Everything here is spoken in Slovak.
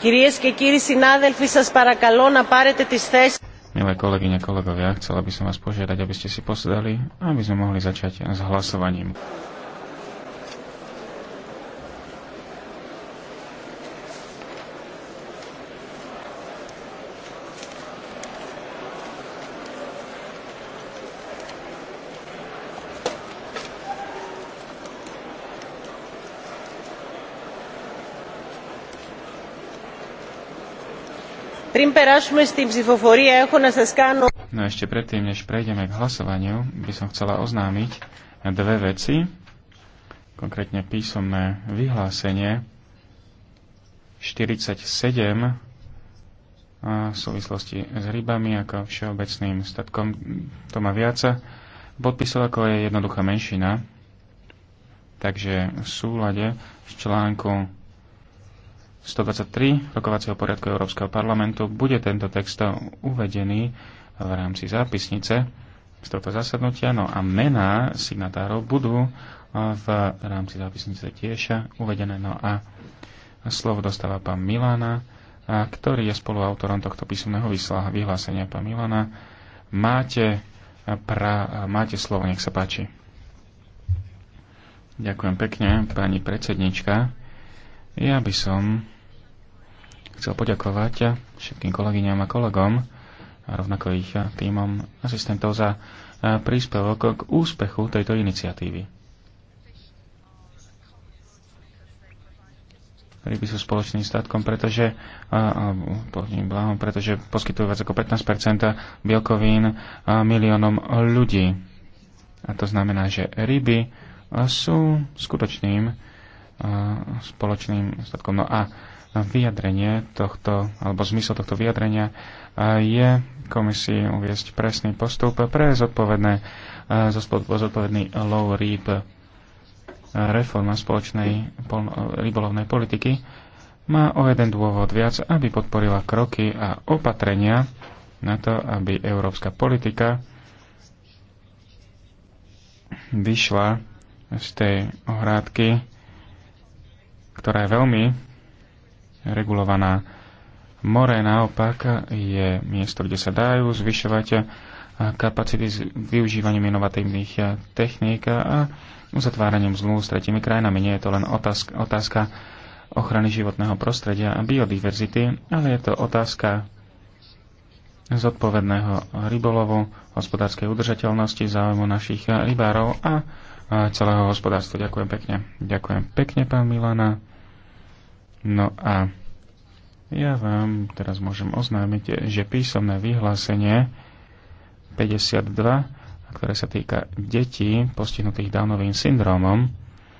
Κυρίες και κύριοι συνάδελφοι, σας παρακαλώ να πάρετε τις θέσεις. Milé kolegyne, kolegovia, chcela by som vás požiadať, aby ste si posedali, aby sme mohli začať s hlasovaním. No ešte predtým, než prejdeme k hlasovaniu, by som chcela oznámiť dve veci, konkrétne písomné vyhlásenie 47 v súvislosti s rybami ako všeobecným statkom. To má viac podpisov, ako je jednoduchá menšina. Takže v súlade s článkom 123 rokovacieho poriadku Európskeho parlamentu bude tento text uvedený v rámci zápisnice z tohto zasadnutia. No a mená signatárov budú v rámci zápisnice tiež uvedené. No a slovo dostáva pán Milana, ktorý je spoluautorom tohto písomného vyhlásenia. Pán Milana, máte, pra, máte slovo, nech sa páči. Ďakujem pekne, pani predsednička. Ja by som chcel poďakovať všetkým kolegyňam a kolegom a rovnako ich týmom asistentov za e, príspevok k úspechu tejto iniciatívy. Ryby sú spoločným statkom, pretože, blahom, pretože poskytujú viac ako 15 bielkovín miliónom ľudí. A to znamená, že ryby sú skutočným spoločným statkom. No a vyjadrenie tohto, alebo zmysel tohto vyjadrenia je komisii uviesť presný postup pre zodpovedné, zodpovedný low rýb reforma spoločnej rybolovnej politiky má o jeden dôvod viac, aby podporila kroky a opatrenia na to, aby európska politika vyšla z tej ohrádky ktorá je veľmi regulovaná. More naopak je miesto, kde sa dajú zvyšovať kapacity s využívaním inovatívnych techník a uzatváraním zlú s tretimi krajinami. Nie je to len otázka, otázka ochrany životného prostredia a biodiverzity, ale je to otázka zodpovedného rybolovu, hospodárskej udržateľnosti, záujmu našich rybárov a celého hospodárstva. Ďakujem pekne. Ďakujem pekne, pán Milana. No a ja vám teraz môžem oznámiť, že písomné vyhlásenie 52, ktoré sa týka detí postihnutých Downovým syndromom,